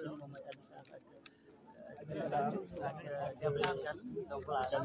saya mau Ali Sahabat dia belakang dongkola dan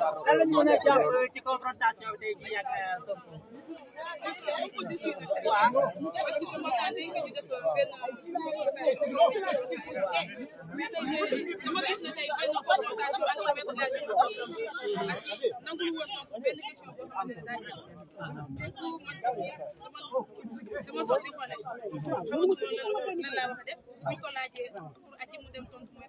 lan la ñu mën a jàpp ci confrontation bi tey jii ak Sonko. parce que je m'attendais que ñu def benn mais tey jii dama gis ne tey benn confrontation à travers la parce que nangu woon donc def buñ ko laajee pour aji mu dem tontu mooy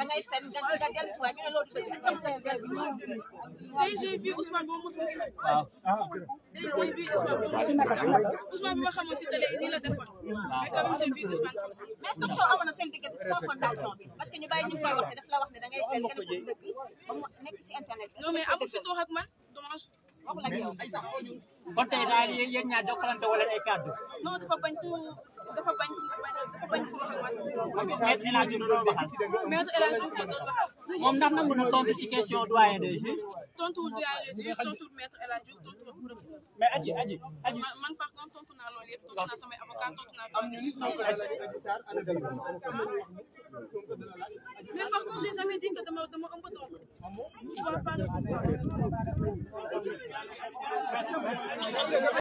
dangay fen nga nga dellusiwaat ñu ne loolu dëgg tey j'ai vu Ousmane boobu mosuma gis. tey j'ai vu Ousmane bi ma xamoon si télé nii la defoon mais quand même bi parce que ñu bàyyi ñu koy wax daf la wax ne dangay fen nga ne ko dëgg ba mu nekk amul fi wax ak man dommage. ba tey daal yéen ñaar jokkalante wala ay kàddu. dafa bañ dafa bañ dafa bañ pour wax ak man. maître El Hadji doon waxal. maître El Hadji doon waxal. moom ndax na mën a tontu ci question doyen des juges. tontuwul doyen des juges tontuwul maître El Hadji tontuwul procureur. mais aji aji aji man par contre yëpp tontu naa samay avocat tontu naa. am nañu mais par contre j'ai jamais dit que dama dama ëmb donc. je vois pas le pourquoi.